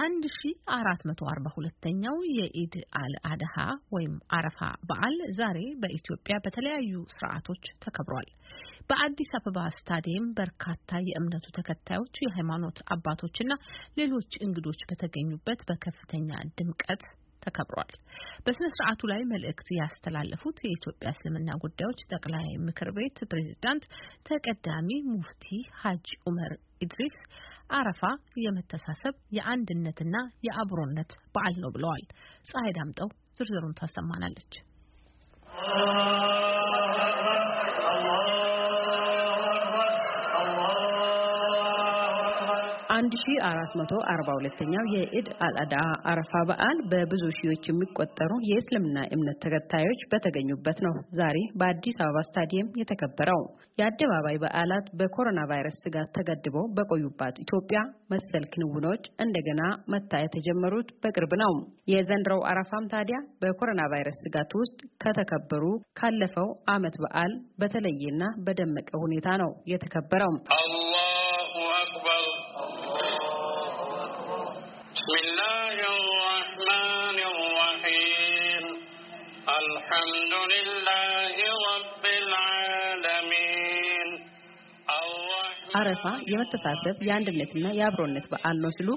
አንድ ሺ አራት መቶ አርባ ሁለተኛው የኢድ አል አድሃ ወይም አረፋ በዓል ዛሬ በኢትዮጵያ በተለያዩ ስርዓቶች ተከብሯል። በአዲስ አበባ ስታዲየም በርካታ የእምነቱ ተከታዮች፣ የሃይማኖት አባቶችና ሌሎች እንግዶች በተገኙበት በከፍተኛ ድምቀት ተከብሯል። በስነ ስርዓቱ ላይ መልእክት ያስተላለፉት የኢትዮጵያ እስልምና ጉዳዮች ጠቅላይ ምክር ቤት ፕሬዚዳንት ተቀዳሚ ሙፍቲ ሀጅ ኡመር ኢድሪስ አረፋ የመተሳሰብ የአንድነትና የአብሮነት በዓል ነው ብለዋል። ፀሐይ ዳምጠው ዝርዝሩን ታሰማናለች። 1442ኛው የኢድ አልአዳ አረፋ በዓል በብዙ ሺዎች የሚቆጠሩ የእስልምና እምነት ተከታዮች በተገኙበት ነው ዛሬ በአዲስ አበባ ስታዲየም የተከበረው። የአደባባይ በዓላት በኮሮና ቫይረስ ስጋት ተገድበው በቆዩባት ኢትዮጵያ መሰል ክንውኖች እንደገና መታየት የተጀመሩት በቅርብ ነው። የዘንድሮው አረፋም ታዲያ በኮሮና ቫይረስ ስጋት ውስጥ ከተከበሩ ካለፈው ዓመት በዓል በተለየና በደመቀ ሁኔታ ነው የተከበረው። الحمد لله رب العالمين አረፋ የመተሳሰብ የአንድነትና የአብሮነት በዓል ነው ሲሉ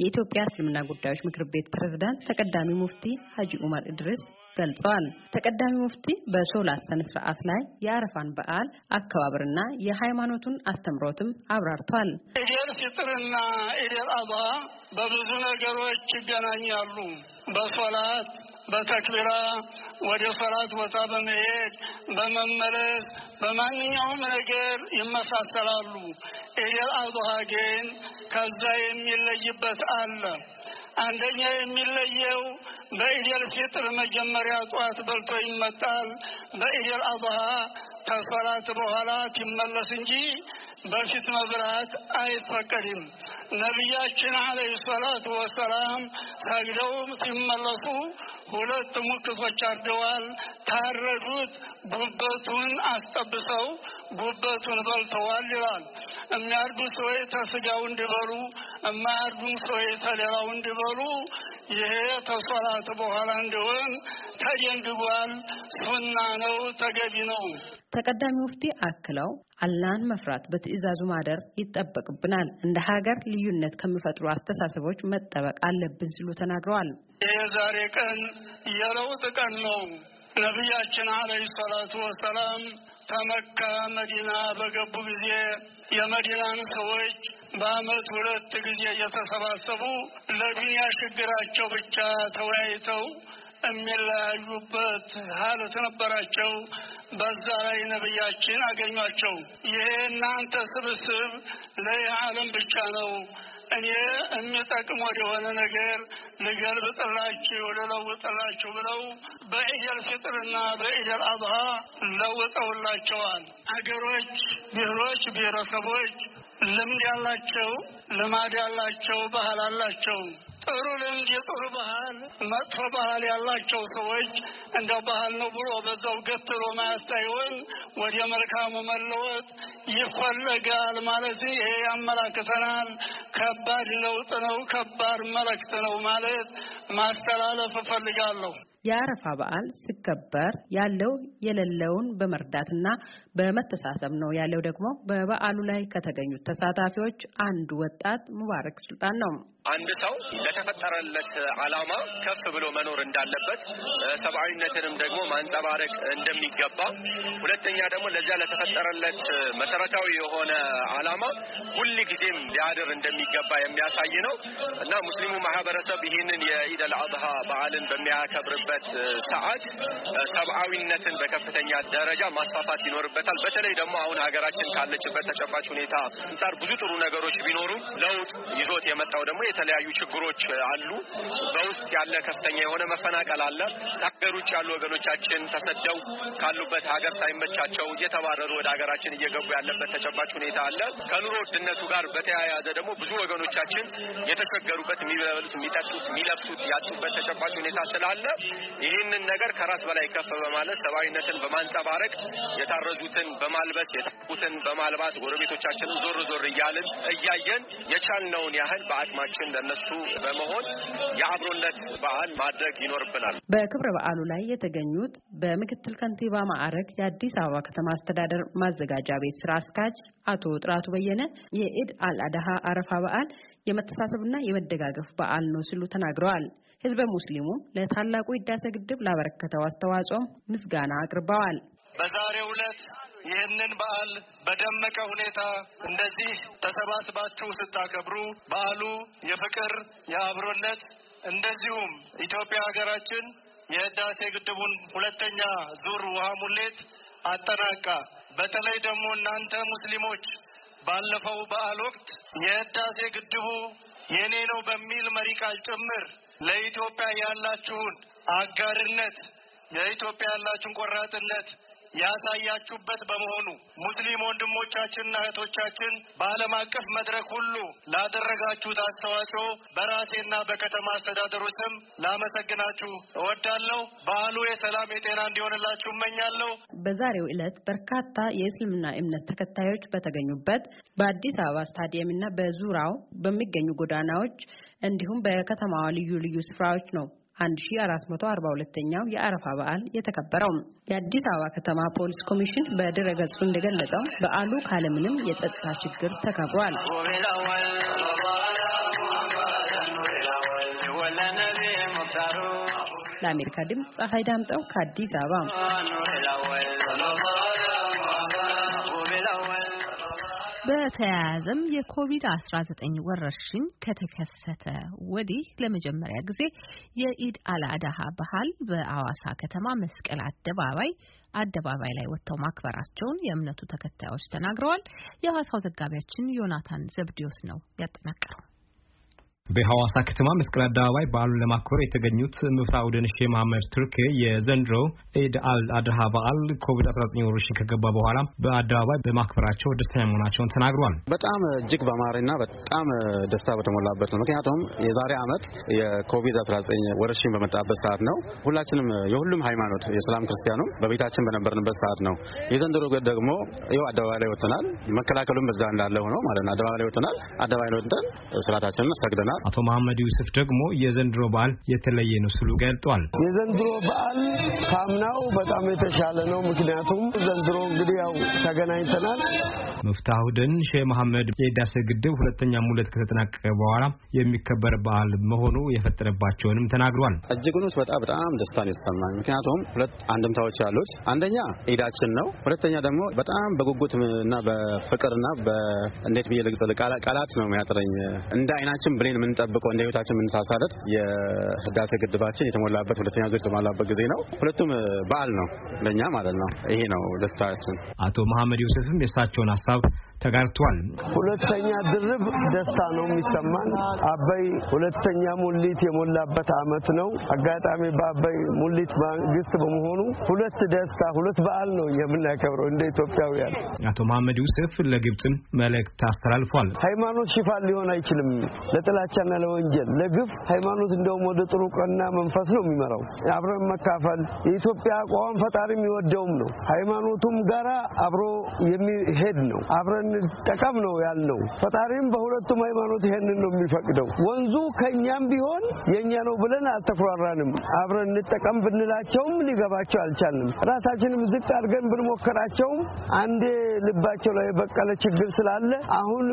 የኢትዮጵያ እስልምና ጉዳዮች ምክር ቤት ፕሬዝዳንት ተቀዳሚ ሙፍቲ ሀጂ ኡመር እድርስ ገልጸዋል። ተቀዳሚ ሙፍቲ በሶላት ስነ ስርዓት ላይ የአረፋን በዓል አከባበርና የሃይማኖቱን አስተምሮትም አብራርቷል። ኢዴል ፍጥርና ኢዴል አድሃ በብዙ ነገሮች ይገናኛሉ። በሶላት በተክቢራ ወደ ሰላት ቦታ በመሄድ በመመለስ በማንኛውም ነገር ይመሳሰላሉ። ኢደል አድሃ ግን ከዛ የሚለይበት አለ። አንደኛ የሚለየው በኢደል ፊጥር መጀመሪያ ጠዋት በልቶ ይመጣል። በኢደል አድሃ ከሰላት በኋላ ትመለስ እንጂ በፊት መብራት አይፈቀድም። ነቢያችን አለይሂ ሰላቱ ወሰላም ሰግደውም ሲመለሱ ሁለት ሙክሶች አርደዋል። ታረዱት፣ ጉበቱን አስጠብሰው ጉበቱን በልተዋል ይላል። የሚያርዱ ሰዎች ተስጋው እንዲበሉ፣ የማያርዱም ሰዎች ተሌላው እንዲበሉ ይሄ ተሶላት በኋላ እንዲሆን ተደንግጓል። ሱና ነው፣ ተገቢ ነው። ተቀዳሚ ሙፍቲ አክለው አላህን መፍራት በትዕዛዙ ማደር ይጠበቅብናል፣ እንደ ሀገር ልዩነት ከሚፈጥሩ አስተሳሰቦች መጠበቅ አለብን ሲሉ ተናግረዋል። ይህ ቀን የለውጥ ቀን ነው። ነቢያችን አለይሂ ሰላቱ ወሰላም ተመካ መዲና በገቡ ጊዜ የመዲናን ሰዎች በአመት ሁለት ጊዜ እየተሰባሰቡ ለዱንያ ችግራቸው ብቻ ተወያይተው የሚለያዩበት ሀለት ነበራቸው። በዛ ላይ ነቢያችን አገኟቸው። ይሄ እናንተ ስብስብ ለይህ ዓለም ብቻ ነው እኔ የሚጠቅም ወደሆነ ነገር ልገልብጥላችሁ ልለውጥላችሁ ብለው በኢደል ፍጥርና በኢደል አብሃ ለውጠውላቸዋል። አገሮች፣ ብሔሮች፣ ብሔረሰቦች ልምድ ያላቸው ልማድ ያላቸው ባህል አላቸው። ጥሩ ልምድ፣ የጥሩ ባህል፣ መጥፎ ባህል ያላቸው ሰዎች እንደ ባህል ነው ብሎ በዛው ገትሮ ማያስታይሆን ወደ መልካሙ መለወጥ ይፈለጋል ማለት ይሄ ያመላክተናል። ከባድ ለውጥ ነው፣ ከባድ መልእክት ነው ማለት ማስተላለፍ እፈልጋለሁ። የአረፋ በዓል ሲከበር ያለው የሌለውን በመርዳትና በመተሳሰብ ነው ያለው ደግሞ በበዓሉ ላይ ከተገኙት ተሳታፊዎች አንዱ ወጣት ሙባረክ ሱልጣን ነው። አንድ ሰው ለተፈጠረለት ዓላማ ከፍ ብሎ መኖር እንዳለበት ሰብአዊነትንም ደግሞ ማንጸባረቅ እንደሚገባ፣ ሁለተኛ ደግሞ ለዚያ ለተፈጠረለት መሰረታዊ የሆነ ዓላማ ሁል ጊዜም ሊያድር እንደሚገባ የሚያሳይ ነው እና ሙስሊሙ ማህበረሰብ ይህንን የኢደል አድሃ በዓልን በሚያከብርበት ሰዓት ሰብአዊነትን በከፍተኛ ደረጃ ማስፋፋት ይኖርበታል። ይገባታል። በተለይ ደግሞ አሁን ሀገራችን ካለችበት ተጨባጭ ሁኔታ አንጻር ብዙ ጥሩ ነገሮች ቢኖሩ ለውጥ ይዞት የመጣው ደግሞ የተለያዩ ችግሮች አሉ። በውስጥ ያለ ከፍተኛ የሆነ መፈናቀል አለ። ከሀገር ውጭ ያሉ ወገኖቻችን ተሰደው ካሉበት ሀገር ሳይመቻቸው እየተባረሩ ወደ ሀገራችን እየገቡ ያለበት ተጨባጭ ሁኔታ አለ። ከኑሮ ውድነቱ ጋር በተያያዘ ደግሞ ብዙ ወገኖቻችን የተቸገሩበት፣ የሚበሉት፣ የሚጠጡት፣ የሚለብሱት ያጡበት ተጨባጭ ሁኔታ ስላለ ይህንን ነገር ከራስ በላይ ከፍ በማለት ሰብአዊነትን በማንጸባረቅ የታረዙ የለበሱትን በማልበስ የጠቁትን በማልባት ጎረቤቶቻችንን ዞር ዞር እያልን እያየን የቻልነውን ያህል በአቅማችን ለነሱ በመሆን የአብሮነት በዓል ማድረግ ይኖርብናል። በክብረ በዓሉ ላይ የተገኙት በምክትል ከንቲባ ማዕረግ የአዲስ አበባ ከተማ አስተዳደር ማዘጋጃ ቤት ስራ አስኪያጅ አቶ ጥራቱ በየነ የኢድ አልአድሃ አረፋ በዓል የመተሳሰብና የመደጋገፍ በዓል ነው ሲሉ ተናግረዋል። ህዝበ ሙስሊሙም ለታላቁ ህዳሴ ግድብ ላበረከተው አስተዋጽኦም ምስጋና አቅርበዋል። በዛሬው ዕለት ይህንን በዓል በደመቀ ሁኔታ እንደዚህ ተሰባስባችሁ ስታከብሩ በዓሉ የፍቅር የአብሮነት እንደዚሁም ኢትዮጵያ ሀገራችን የህዳሴ ግድቡን ሁለተኛ ዙር ውሃ ሙሌት አጠናቃ በተለይ ደግሞ እናንተ ሙስሊሞች ባለፈው በዓል ወቅት የህዳሴ ግድቡ የኔ ነው በሚል መሪ ቃል ጭምር ለኢትዮጵያ ያላችሁን አጋርነት ለኢትዮጵያ ያላችሁን ቆራጥነት ያሳያችሁበት በመሆኑ ሙስሊም ወንድሞቻችንና እህቶቻችን በዓለም አቀፍ መድረክ ሁሉ ላደረጋችሁት አስተዋጽኦ በራሴና በከተማ አስተዳደሩ ስም ላመሰግናችሁ እወዳለሁ። በዓሉ የሰላም የጤና እንዲሆንላችሁ እመኛለሁ። በዛሬው ዕለት በርካታ የእስልምና እምነት ተከታዮች በተገኙበት በአዲስ አበባ ስታዲየም እና በዙሪያው በሚገኙ ጎዳናዎች እንዲሁም በከተማዋ ልዩ ልዩ ስፍራዎች ነው 1442ኛው የአረፋ በዓል የተከበረው። የአዲስ አበባ ከተማ ፖሊስ ኮሚሽን በድረ ገጹ እንደገለጸው በዓሉ ካለምንም የጸጥታ ችግር ተከብሯል። ለአሜሪካ ድምፅ ፀሐይ ዳምጠው ከአዲስ አበባ በተያያዘም የኮቪድ-19 ወረርሽኝ ከተከሰተ ወዲህ ለመጀመሪያ ጊዜ የኢድ አልአድሃ ባህል በአዋሳ ከተማ መስቀል አደባባይ አደባባይ ላይ ወጥተው ማክበራቸውን የእምነቱ ተከታዮች ተናግረዋል። የሐዋሳው ዘጋቢያችን ዮናታን ዘብዲዮስ ነው ያጠናቀረው። በሐዋሳ ከተማ መስቀል አደባባይ በዓሉን ለማክበር የተገኙት ምብታ ኡድን ሼህ መሐመድ ቱርክ የዘንድሮ ኢድ አል አድሃ በዓል ኮቪድ-19 ወረርሽኝ ከገባ በኋላ በአደባባይ በማክበራቸው ደስተኛ መሆናቸውን ተናግሯል። በጣም እጅግ በማሪና በጣም ደስታ በተሞላበት ነው። ምክንያቱም የዛሬ ዓመት የኮቪድ-19 ወረርሽኝ በመጣበት ሰዓት ነው። ሁላችንም የሁሉም ሃይማኖት የእስላም ክርስቲያኑም በቤታችን በነበርንበት ሰዓት ነው። የዘንድሮ ደግሞ ይኸው አደባባይ ላይ ወጥተናል። መከላከሉም በዛ እንዳለ ሆኖ ማለት ነው። አደባባይ ላይ ወጥተናል። አደባባይ ላይ ወጥተን ስርዓታችንን ሰግደናል። አቶ መሐመድ ዩስፍ ደግሞ የዘንድሮ በዓል የተለየ ነው ሲሉ ገልጧል። የዘንድሮ በዓል ካምናው በጣም የተሻለ ነው። ምክንያቱም ዘንድሮ እንግዲህ ያው ተገናኝተናል። መፍታሁድን ሼህ መሐመድ የህዳሴ ግድብ ሁለተኛ ሙሌት ከተጠናቀቀ በኋላ የሚከበር በዓል መሆኑ የፈጠረባቸውንም ተናግሯል። እጅጉን ስወጣ በጣም ደስታ ነው የተሰማኝ። ምክንያቱም ሁለት አንድምታዎች ያሉት አንደኛ ኢዳችን ነው፣ ሁለተኛ ደግሞ በጣም በጉጉት እና በፍቅርና እንዴት ብዬ ልግለጽ ቃላት ነው የሚያጥረኝ እንደ አይናችን ብሌን የምንጠብቀው እንደ ህይወታችን የምንሳሳለት የህዳሴ ግድባችን የተሞላበት ሁለተኛ ዙር የተሟላበት ጊዜ ነው። ሁለቱም በዓል ነው ለእኛ ማለት ነው። ይሄ ነው ደስታችን። አቶ መሐመድ ዮሴፍም የእሳቸውን ሀሳብ ተጋርቷል። ሁለተኛ ድርብ ደስታ ነው የሚሰማን። አባይ ሁለተኛ ሙሊት የሞላበት አመት ነው። አጋጣሚ በአባይ ሙሊት መንግስት በመሆኑ ሁለት ደስታ ሁለት በዓል ነው የምናከብረው እንደ ኢትዮጵያውያን። አቶ መሐመድ ዩሴፍ ለግብፅም መልእክት አስተላልፏል። ሃይማኖት ሽፋን ሊሆን አይችልም ለጥላቻና ለወንጀል ለግፍ። ሃይማኖት እንደውም ወደ ጥሩ ቀና መንፈስ ነው የሚመራው። አብረን መካፈል የኢትዮጵያ አቋም ፈጣሪ የሚወደውም ነው። ሃይማኖቱም ጋራ አብሮ የሚሄድ ነው። አብረን እንጠቀም ነው ያልነው። ፈጣሪም በሁለቱም ሃይማኖት ይሄንን ነው የሚፈቅደው። ወንዙ ከእኛም ቢሆን የእኛ ነው ብለን አልተኩራራንም። አብረን እንጠቀም ብንላቸውም ሊገባቸው አልቻልንም። ራሳችንም ዝቅ አድርገን ብንሞክራቸውም አንዴ ልባቸው ላይ የበቀለ ችግር ስላለ አሁን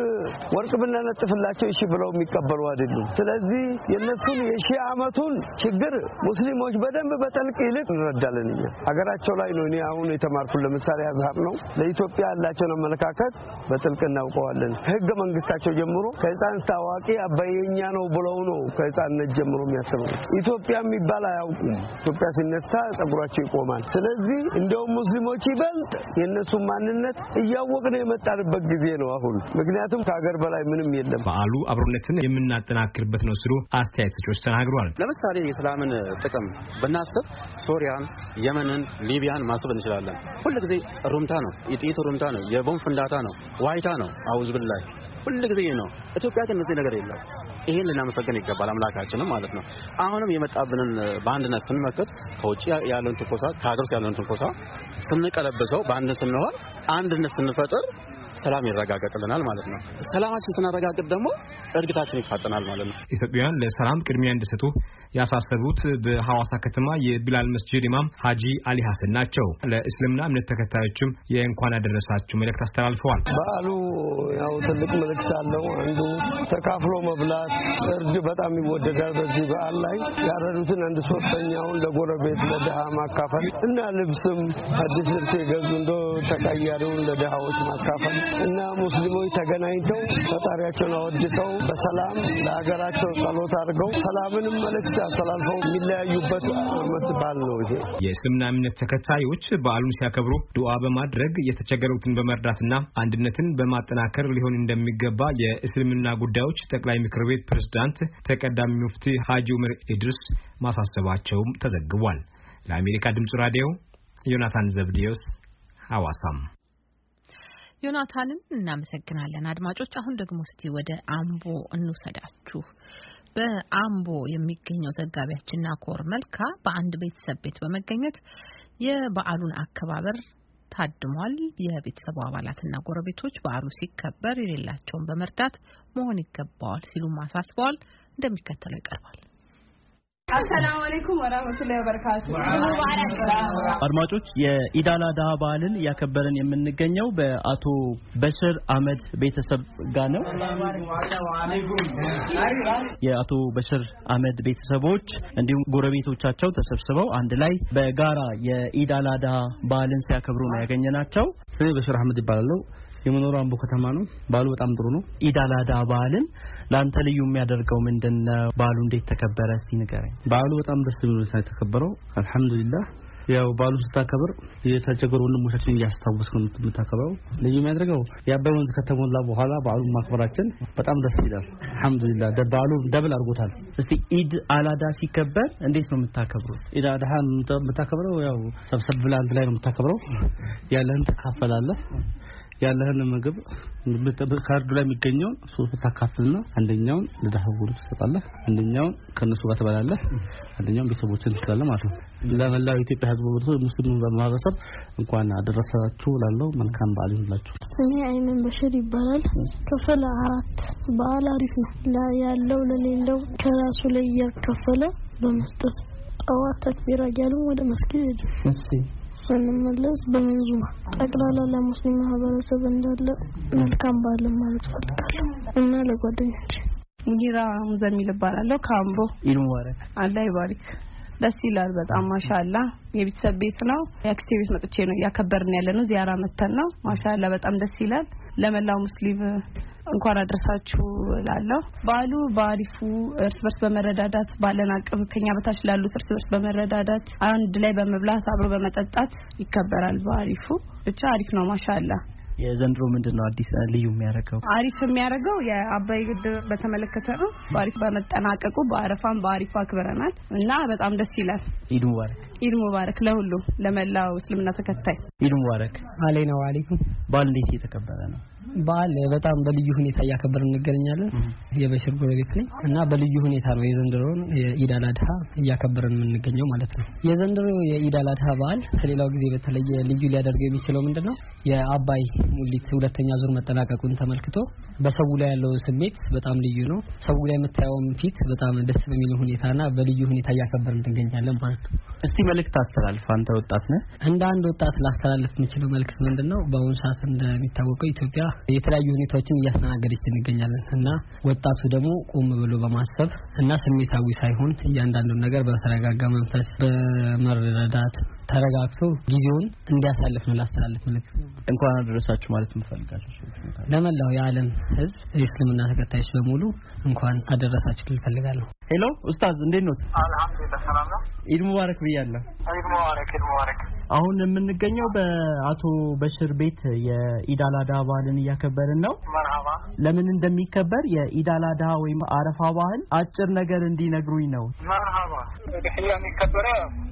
ወርቅ ብናነጥፍላቸው እሺ ብለው የሚቀበሉ አይደሉም። ስለዚህ የእነሱን የሺህ ዓመቱን ችግር ሙስሊሞች በደንብ በጠልቅ ይልቅ እንረዳለን። እኛ ሀገራቸው ላይ ነው እኔ አሁን የተማርኩት። ለምሳሌ አዛር ነው ለኢትዮጵያ ያላቸውን አመለካከት በጥልቅ እናውቀዋለን። ህገ መንግስታቸው ጀምሮ ከህፃን ታዋቂ አባየኛ ነው ብለው ነው ከህፃንነት ጀምሮ የሚያስተምሩ። ኢትዮጵያ የሚባል አያውቁም። ኢትዮጵያ ሲነሳ ጸጉራቸው ይቆማል። ስለዚህ እንደውም ሙስሊሞች ይበልጥ የእነሱ ማንነት እያወቅን የመጣንበት ጊዜ ነው አሁን። ምክንያቱም ከሀገር በላይ ምንም የለም። በዓሉ አብሮነትን የምናጠናክርበት ነው ሲሉ አስተያየት ሰጪዎች ተናግረዋል። ለምሳሌ የሰላምን ጥቅም ብናስብ ሶሪያን፣ የመንን፣ ሊቢያን ማስብ እንችላለን። ሁልጊዜ ሩምታ ነው፣ የጥይት ሩምታ ነው፣ የቦምብ ፍንዳታ ነው ዋይታ ነው። አውዝ ብላይ ሁሉ ጊዜ ነው። ኢትዮጵያ ግን እዚህ ነገር የለም። ይሄን ልናመሰገን ይገባል አምላካችንም ማለት ነው። አሁንም የመጣብንን በአንድነት ስንመከት ከውጭ ያለን ትንኮሳ ከሀገር ውስጥ ያለውን ትንኮሳ ስንቀለብሰው በአንድነት ስንሆን አንድነት ስንፈጥር ሰላም ይረጋገጥልናል ማለት ነው። ሰላማችን ስናረጋግጥ ደግሞ እድገታችን ይፋጠናል ማለት ነው። ኢትዮጵያውያን ለሰላም ቅድሚያ እንዲሰጡ ያሳሰቡት በሐዋሳ ከተማ የቢላል መስጂድ ኢማም ሀጂ አሊ ሐሰን ናቸው። ለእስልምና እምነት ተከታዮችም የእንኳን ያደረሳችሁ መልእክት አስተላልፈዋል። በዓሉ ያው ትልቅ መልእክት አለው። አንዱ ተካፍሎ መብላት፣ እርድ በጣም ይወደዳል። በዚህ በዓል ላይ ያረዱትን አንድ ሶስተኛውን ለጎረቤት ለድሃ ማካፈል እና ልብስም አዲስ ልብስ የገዙ እንደ ተቀያሪውን ለድሃዎች ማካፈል እና ሙስሊሞች ተገናኝተው ፈጣሪያቸውን አወድሰው በሰላም ለሀገራቸው ጸሎት አድርገው ሰላምንም መልእክት አስተላልፈው የሚለያዩበት አመት በዓል ነው ይሄ። የእስልምና እምነት ተከታዮች በዓሉን ሲያከብሩ ዱዓ በማድረግ የተቸገሩትን በመርዳትና አንድነትን በማጠናከር ሊሆን እንደሚገባ የእስልምና ጉዳዮች ጠቅላይ ምክር ቤት ፕሬዝዳንት ተቀዳሚ ሙፍቲ ሀጂ ዑመር ኢድሪስ ማሳሰባቸውም ተዘግቧል። ለአሜሪካ ድምፅ ራዲዮ ዮናታን ዘብዲዮስ ሐዋሳም ዮናታንን እናመሰግናለን። አድማጮች አሁን ደግሞ እስቲ ወደ አምቦ እንውሰዳችሁ። በአምቦ የሚገኘው ዘጋቢያችን ናኮር መልካ በአንድ ቤተሰብ ቤት በመገኘት የበዓሉን አከባበር ታድሟል። የቤተሰቡ አባላትና ጎረቤቶች በዓሉ ሲከበር የሌላቸውን በመርዳት መሆን ይገባዋል ሲሉም አሳስበዋል። እንደሚከተለው ይቀርባል። አሰላሙ አለይኩም ወራህመቱላሂ ወበረካቱ። አድማጮች የኢዳላ ዳሃ በዓልን ያከበረን የምንገኘው በአቶ በሽር አህመድ ቤተሰብ ጋር ነው። የአቶ በሽር አህመድ ቤተሰቦች እንዲሁም ጎረቤቶቻቸው ተሰብስበው አንድ ላይ በጋራ የኢዳላ ዳሃ በዓልን ሲያከብሩ ነው ያገኘናቸው። ስሜ በሽር አህመድ ይባላለሁ። የመኖሩ አምቦ ከተማ ነው። በዓሉ በጣም ጥሩ ነው። ኢድ አላዳ በዓልን ለአንተ ልዩ የሚያደርገው ምንድን ነው? በዓሉ እንዴት ተከበረ? እስቲ ንገረኝ። በዓሉ በጣም ደስ ብሎ የተከበረው አልሐምዱሊላህ። ያው በዓሉን ስታከብር የተቸገሩ ወንድሞቻችን እያስታወስክ ነው የምታከብረው። ልዩ የሚያደርገው የአባይ ወንዝ ከተሞላ በኋላ በአሉ ማክበራችን በጣም ደስ ይላል። አልሐምዱሊላ በዓሉ ደብል አድርጎታል። እስቲ ኢድ አላዳ ሲከበር እንዴት ነው የምታከብሩት? ኢድ አድሃ የምታከብረው ያው ሰብሰብ ብላ አንድ ላይ ነው የምታከብረው። ያለህን ትካፈላለህ ያለህን ምግብ ካርዱ ላይ የሚገኘውን ሶስት ታካፍልና አንደኛውን ለደሃው ትሰጣለህ፣ አንደኛውን ከነሱ ጋር ትበላለህ፣ አንደኛውን ቤተሰቦችን ትችላለህ ማለት ነው። ለመላው ኢትዮጵያ ሕዝብ ወርሶ ሙስሊሙ በማህበረሰብ እንኳን አደረሳችሁ ላለው መልካም በዓል ይሁንላችሁ። ስሜ አይነን በሽር ይባላል። ክፍል አራት በዓል አሪፍ ነው። ያለው ለሌለው ከራሱ ላይ እያከፈለ በመስጠት ጠዋት ተክቢራ እያሉ ወደ መስጊድ ስንመለስ በመንዙማ ጠቅላላ ለሙስሊም ማህበረሰብ እንዳለ መልካም በዓል ማለት ፈልጋለሁ እና ለጓደኞች ጊራ ዘሚል እባላለሁ ከአምቦ ኢድ አላህ ይባርክ ደስ ይላል በጣም ማሻላ የቤተሰብ ቤት ነው የአክስቴ ቤት መጥቼ ነው እያከበርን ያለ ነው ዚያራ መተን ነው ማሻላ በጣም ደስ ይላል ለመላው ሙስሊም እንኳን አደረሳችሁ እላለሁ። በዓሉ በአሪፉ እርስ በርስ በመረዳዳት ባለን አቅም ከኛ በታች ላሉት እርስ በርስ በመረዳዳት አንድ ላይ በመብላት አብሮ በመጠጣት ይከበራል። በአሪፉ ብቻ አሪፍ ነው። ማሻላ የዘንድሮ ምንድን ነው አዲስ ልዩ የሚያደርገው? አሪፍ የሚያደርገው የአባይ ግድብ በተመለከተ ነው። በአሪፍ በመጠናቀቁ በአረፋም በአሪፉ አክብረናል እና በጣም ደስ ይላል። ኢድ ሙባረክ፣ ኢድ ሙባረክ ለሁሉም ለመላው እስልምና ተከታይ ኢድ ሙባረክ። አሌ ነው አሌኩም። በዓል እንዴት እየተከበረ ነው? በዓል በጣም በልዩ ሁኔታ እያከበር እንገኛለን። የበሽር ጎረቤት ነኝ እና በልዩ ሁኔታ ነው የዘንድሮውን የኢድ አድሃ እያከበርን የምንገኘው ማለት ነው። የዘንድሮ የኢድ አድሃ በዓል ከሌላው ጊዜ በተለየ ልዩ ሊያደርገው የሚችለው ምንድን ነው? የአባይ ሙሊት ሁለተኛ ዙር መጠናቀቁን ተመልክቶ በሰው ላይ ያለው ስሜት በጣም ልዩ ነው። ሰው ላይ የምታየውም ፊት በጣም ደስ በሚል ሁኔታና በልዩ ሁኔታ እያከበር እንገኛለን ማለት ነው። እስቲ መልእክት አስተላልፍ። አንተ ወጣት ነህ። እንደ አንድ ወጣት ላስተላልፍ የምችለው መልእክት ምንድን ነው? በአሁኑ ሰዓት እንደሚታወቀው ኢትዮጵያ የተለያዩ ሁኔታዎችን እያስተናገደች እንገኛለን እና ወጣቱ ደግሞ ቆም ብሎ በማሰብ እና ስሜታዊ ሳይሆን እያንዳንዱን ነገር በተረጋጋ መንፈስ በመረዳት ተረጋግቶ ጊዜውን እንዲያሳልፍ ነው ላስተላልፍ ምልክት እንኳን አደረሳችሁ ማለት እንፈልጋለን። ለመላው የዓለም ሕዝብ የእስልምና ተከታዮች በሙሉ እንኳን አደረሳችሁ ልፈልጋለሁ። ሄሎ ኡስታዝ እንዴት ነው? አልሐምዱሊላህ ሰላም ነው። ኢድ ሙባረክ ብያለሁ። ኢድ ሙባረክ ኢድ ሙባረክ አሁን የምንገኘው በአቶ በሽር ቤት የኢዳል አድሃ በዓልን እያከበርን ነው። ለምን እንደሚከበር የኢዳል አድሃ ወይም አረፋ ባህል አጭር ነገር እንዲነግሩኝ ነው። መርሃባ ህያ የሚከበረ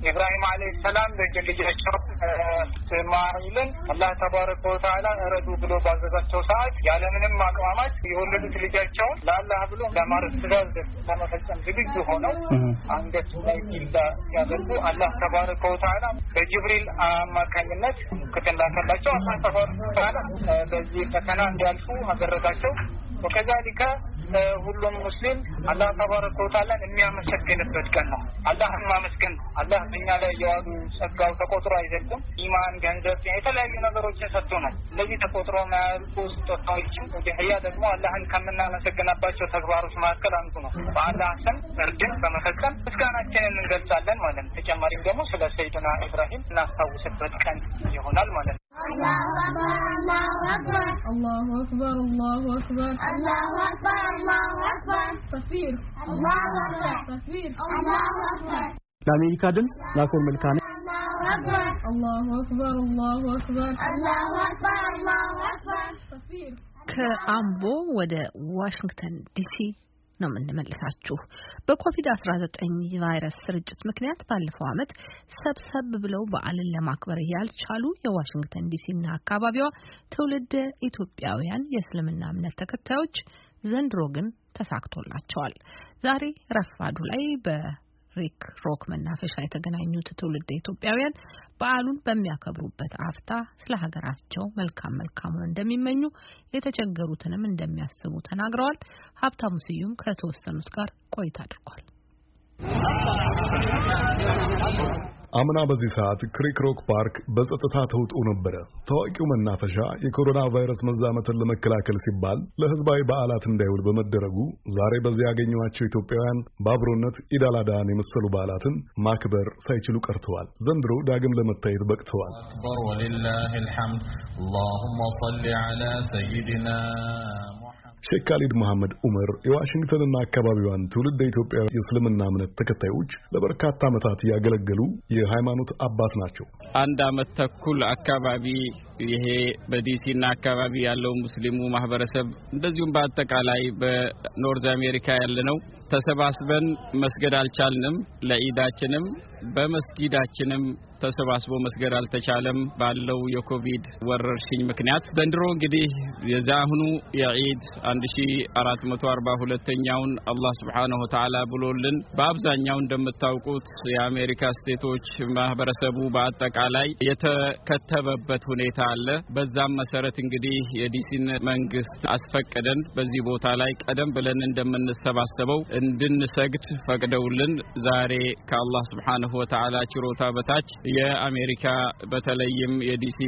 ኢብራሂም ሰላም ልጅ ልጃቸው እስማኢልን አላህ ተባረከ ወተዓላ እረዱ ብሎ ባዘዛቸው ሰዓት ያለምንም አቅማማት የወለዱት ልጃቸውን ለአላህ ብሎ ለማረድ ለመፈጸም ዝግጁ ሆነው አንገቱ ላይ ቢላ አላህ ተባረከ ወተዓላ በጅብሪል አማካኝነት ምልክት እንዳለላቸው አሳሰፈር በኋላ በዚህ ፈተና እንዲያልፉ አደረጋቸው። ወከዛሊከ ሁሉም ሙስሊም አላህ ተባረከ ወተዓላን የሚያመሰግንበት ቀን ነው። አላህን ማመስገን ነው። አላህ በኛ ላይ የዋሉ ጸጋው ተቆጥሮ አይዘልቅም። ኢማን፣ ገንዘብ፣ የተለያዩ ነገሮችን ነው። እነዚህ ተቆጥሮ ማያልቁ ስጦታዎችን ኡድሕያ ደግሞ አላህን ከምናመሰግናባቸው ተግባሮች መካከል አንዱ ነው። በአላህ ስም እርድን በመፈጸም ምስጋናችንን እንገልጻለን ማለት ነው። ተጨማሪም ደግሞ ስለ ሰይድና ኢብራሂም እናስታውስበት ቀን ይሆናል ማለት ነው። አላሁ አክበር አላሁ አክበር አላሁ አክበር الله أكبر الله أكبر تصوير الله أكبر تصوير الله أكبر ለአሜሪካ ድምፅ ናኮር መልካ ነኝ። አላሁ አክበር አላሁ አክበር ከአምቦ ወደ ዋሽንግተን ዲሲ ነው የምንመልሳችሁ። በኮቪድ-19 ቫይረስ ስርጭት ምክንያት ባለፈው ዓመት ሰብሰብ ብለው በዓልን ለማክበር ያልቻሉ የዋሽንግተን ዲሲና አካባቢዋ ትውልድ ኢትዮጵያውያን የእስልምና እምነት ተከታዮች ዘንድሮ ግን ተሳክቶላቸዋል። ዛሬ ረፋዱ ላይ በ ሪክ ሮክ መናፈሻ የተገናኙት ትውልድ ኢትዮጵያውያን በዓሉን በሚያከብሩበት አፍታ ስለ ሀገራቸው መልካም መልካሙን እንደሚመኙ የተቸገሩትንም እንደሚያስቡ ተናግረዋል። ሀብታሙ ስዩም ከተወሰኑት ጋር ቆይታ አድርጓል። አምና በዚህ ሰዓት ክሪክሮክ ፓርክ በጸጥታ ተውጦ ነበረ። ታዋቂው መናፈሻ የኮሮና ቫይረስ መዛመትን ለመከላከል ሲባል ለሕዝባዊ በዓላት እንዳይውል በመደረጉ ዛሬ በዚያ ያገኘኋቸው ኢትዮጵያውያን በአብሮነት ኢዳላዳን የመሰሉ በዓላትን ማክበር ሳይችሉ ቀርተዋል። ዘንድሮ ዳግም ለመታየት በቅተዋል። ወሊላሂ አልሐምድ አላሁማ ሰሊ ዐላ ሰይድና ሼክ ካሊድ መሐመድ ዑመር የዋሽንግተንና አካባቢዋን ትውልድ ኢትዮጵያ የእስልምና እምነት ተከታዮች ለበርካታ ዓመታት ያገለገሉ የሃይማኖት አባት ናቸው። አንድ ዓመት ተኩል አካባቢ ይሄ በዲሲና አካባቢ ያለው ሙስሊሙ ማህበረሰብ እንደዚሁም በአጠቃላይ በኖርዝ አሜሪካ ያለነው ተሰባስበን መስገድ አልቻልንም። ለኢዳችንም በመስጊዳችንም ተሰባስቦ መስገድ አልተቻለም ባለው የኮቪድ ወረርሽኝ ምክንያት። ዘንድሮ እንግዲህ አሁኑ የዒድ 1442ኛውን አላህ ስብሓነሁ ወተዓላ ብሎልን በአብዛኛው እንደምታውቁት የአሜሪካ ስቴቶች ማህበረሰቡ በአጠቃላይ የተከተበበት ሁኔታ አለ። በዛም መሰረት እንግዲህ የዲሲን መንግስት አስፈቅደን በዚህ ቦታ ላይ ቀደም ብለን እንደምንሰባሰበው እንድንሰግድ ፈቅደውልን ዛሬ ከአላህ ስብሓነሁ ወተዓላ ችሮታ በታች የአሜሪካ በተለይም የዲሲ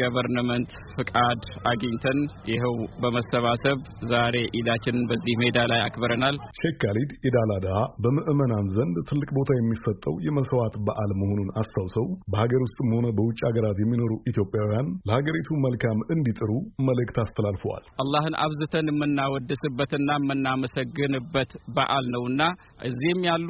ገቨርንመንት ፍቃድ አግኝተን ይኸው በመሰባሰብ ዛሬ ኢዳችንን በዚህ ሜዳ ላይ አክብረናል። ሼክ ካሊድ ኢድ አልአድሃ በምዕመናን ዘንድ ትልቅ ቦታ የሚሰጠው የመስዋዕት በዓል መሆኑን አስታውሰው በሀገር ውስጥም ሆነ በውጭ ሀገራት የሚኖሩ ኢትዮጵያውያን ለሀገሪቱ መልካም እንዲጥሩ መልእክት አስተላልፈዋል። አላህን አብዝተን የምናወድስበትና የምናመሰግንበት በዓል ነውና እዚህም ያሉ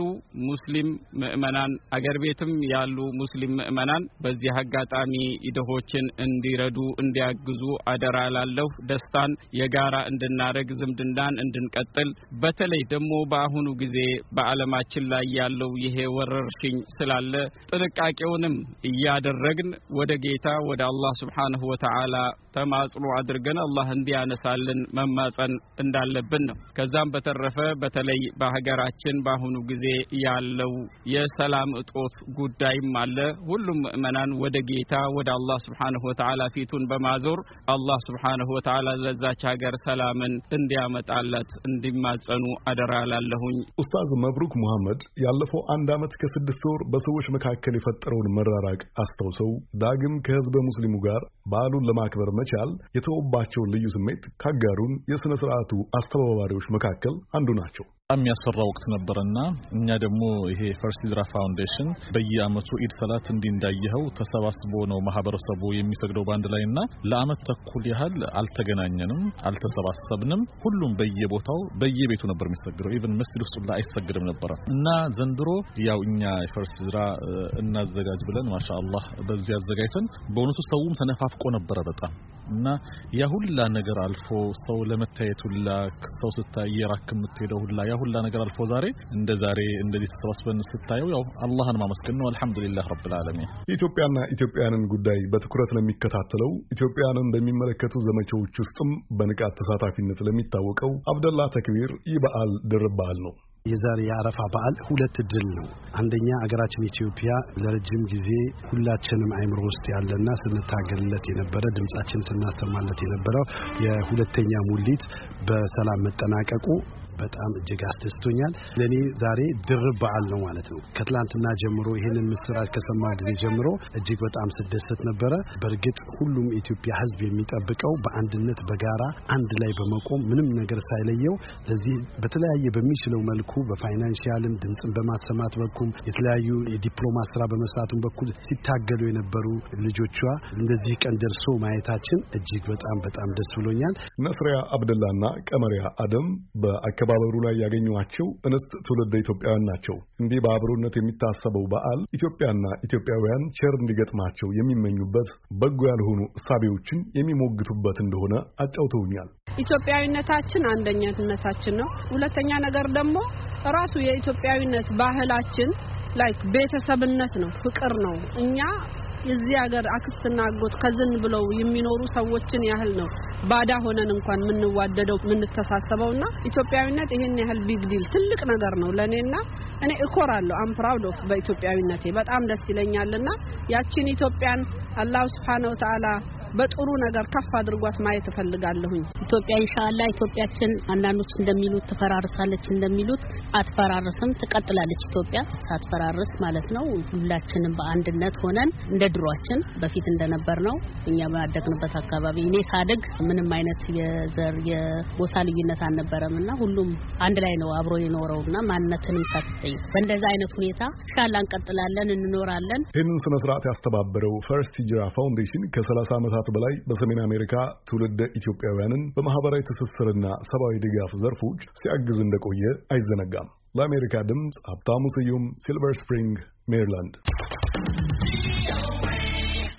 ሙስሊም ምዕመናን አገር ቤትም ያሉ ሙስሊም ምእመናን በዚህ አጋጣሚ ድሆችን እንዲረዱ እንዲያግዙ አደራ ላለሁ ደስታን የጋራ እንድናደርግ ዝምድናን እንድንቀጥል በተለይ ደግሞ በአሁኑ ጊዜ በዓለማችን ላይ ያለው ይሄ ወረርሽኝ ስላለ ጥንቃቄውንም እያደረግን ወደ ጌታ ወደ አላህ ስብሓንሁ ወተዓላ ተማጽኖ አድርገን አላህ እንዲያነሳልን መማጸን እንዳለብን ነው። ከዛም በተረፈ በተለይ በሀገራችን በአሁኑ ጊዜ ያለው የሰላም እጦት ጉዳይም አለ። ሁሉም ምእመናን ወደ ጌታ ወደ አላህ ስብሓንሁ ወተዓላ ፊቱን በማዞር አላህ ስብሓንሁ ወተዓላ ለዛች ሀገር ሰላምን እንዲያመጣለት እንዲማጸኑ አደራ ላለሁኝ። ኡስታዝ መብሩክ ሙሐመድ ያለፈው አንድ ዓመት ከስድስት ወር በሰዎች መካከል የፈጠረውን መራራቅ አስታውሰው ዳግም ከህዝበ ሙስሊሙ ጋር በዓሉን ለማክበር መቻል የተወባቸውን ልዩ ስሜት ካጋሩን የሥነ ሥርዓቱ አስተባባሪዎች መካከል አንዱ ናቸው። በጣም የሚያስፈራ ወቅት ነበረና እኛ ደግሞ ይሄ ፈርስት ሂጅራ ፋውንዴሽን በየአመቱ ኢድ ሰላት እንዲህ እንዳየኸው ተሰባስቦ ነው ማህበረሰቡ የሚሰግደው በአንድ ላይ እና ለአመት ተኩል ያህል አልተገናኘንም፣ አልተሰባሰብንም። ሁሉም በየቦታው በየቤቱ ነበር የሚሰግደው። ኢቨን መስጂድ ውስጥ ላይ አይሰግድም ነበረ እና ዘንድሮ ያው እኛ ፈርስት ሂጅራ እናዘጋጅ ብለን ማሻአላህ በዚህ አዘጋጅተን በእውነቱ ሰውም ተነፋፍቆ ነበረ በጣም እና ያ ሁላ ነገር አልፎ ሰው ለመታየት ሁላ ሰው ስታይ የራክ የምትሄደው ሁላ ሁላ ነገር አልፎ ዛሬ እንደ ዛሬ እንደዚህ ተሰባስበን ስታየው ያው አላህን ማመስገን ነው። አልሐምዱሊላህ ረብል ዓለሚን። ኢትዮጵያና ኢትዮጵያንን ጉዳይ በትኩረት ለሚከታተለው ኢትዮጵያንን በሚመለከቱ ዘመቻዎች ውስጥም በንቃት ተሳታፊነት ለሚታወቀው አብደላ ተክቢር ይህ በዓል ድርብ በዓል ነው። የዛሬ የአረፋ በዓል ሁለት ድል ነው። አንደኛ አገራችን ኢትዮጵያ ለረጅም ጊዜ ሁላችንም አይምሮ ውስጥ ያለና ስንታገልለት የነበረ ድምጻችን ስናሰማለት የነበረው የሁለተኛ ሙሊት በሰላም መጠናቀቁ በጣም እጅግ አስደስቶኛል። ለእኔ ዛሬ ድርብ በዓል ነው ማለት ነው። ከትላንትና ጀምሮ ይህንን ምስራች ከሰማሁ ጊዜ ጀምሮ እጅግ በጣም ስደሰት ነበረ። በእርግጥ ሁሉም ኢትዮጵያ ሕዝብ የሚጠብቀው በአንድነት በጋራ አንድ ላይ በመቆም ምንም ነገር ሳይለየው ለዚህ በተለያየ በሚችለው መልኩ በፋይናንሽያልም ድምፅን በማሰማት በኩል የተለያዩ የዲፕሎማ ስራ በመስራቱም በኩል ሲታገሉ የነበሩ ልጆቿ እንደዚህ ቀን ደርሶ ማየታችን እጅግ በጣም በጣም ደስ ብሎኛል። ነስሪያ አብደላና ቀመሪያ አደም በአካባቢ አከባበሩ ላይ ያገኟቸው እንስት ትውልደ ኢትዮጵያውያን ናቸው። እንዲህ በአብሮነት የሚታሰበው በዓል ኢትዮጵያና ኢትዮጵያውያን ቸር እንዲገጥማቸው የሚመኙበት፣ በጎ ያልሆኑ እሳቤዎችን የሚሞግቱበት እንደሆነ አጫውተውኛል። ኢትዮጵያዊነታችን አንደኛነታችን ነው። ሁለተኛ ነገር ደግሞ ራሱ የኢትዮጵያዊነት ባህላችን ላይክ ቤተሰብነት ነው፣ ፍቅር ነው። እኛ እዚህ ሀገር አክስትና አጎት ከዝን ብለው የሚኖሩ ሰዎችን ያህል ነው ባዳ ሆነን እንኳን የምንዋደደው የምንተሳሰበው እና ኢትዮጵያዊነት ይሄን ያህል ቢግ ዲል ትልቅ ነገር ነው ለእኔና እኔ እኮራለሁ። አም ፕራውድ ኦፍ በኢትዮጵያዊነቴ በጣም ደስ ይለኛልና ያችን ኢትዮጵያን አላሁ ስብሓነሁ ወተዓላ በጥሩ ነገር ከፍ አድርጓት ማየት እፈልጋለሁኝ። ኢትዮጵያ ኢንሻአላ ኢትዮጵያችን አንዳንዶች እንደሚሉት ትፈራርሳለች እንደሚሉት አትፈራርስም፣ ትቀጥላለች ኢትዮጵያ ሳትፈራርስ ማለት ነው። ሁላችንም በአንድነት ሆነን እንደ ድሯችን በፊት እንደነበር ነው። እኛ ባደግንበት አካባቢ እኔ ሳድግ ምንም አይነት የዘር የጎሳ ልዩነት አልነበረም እና ሁሉም አንድ ላይ ነው አብሮ የኖረው እና ማንነትንም ሳትጠይቅ በእንደዛ አይነት ሁኔታ ኢንሻአላ እንቀጥላለን፣ እንኖራለን። ይህንን ስነ ስርዓት ያስተባበረው ፈርስት ሂጅራ ፋውንዴሽን ከ30 ዓመታት ዓመታት በላይ በሰሜን አሜሪካ ትውልደ ኢትዮጵያውያንን በማህበራዊ ትስስርና ሰብአዊ ድጋፍ ዘርፎች ሲያግዝ እንደቆየ አይዘነጋም። ለአሜሪካ ድምፅ ሀብታሙ ስዩም ሲልቨር ስፕሪንግ ሜሪላንድ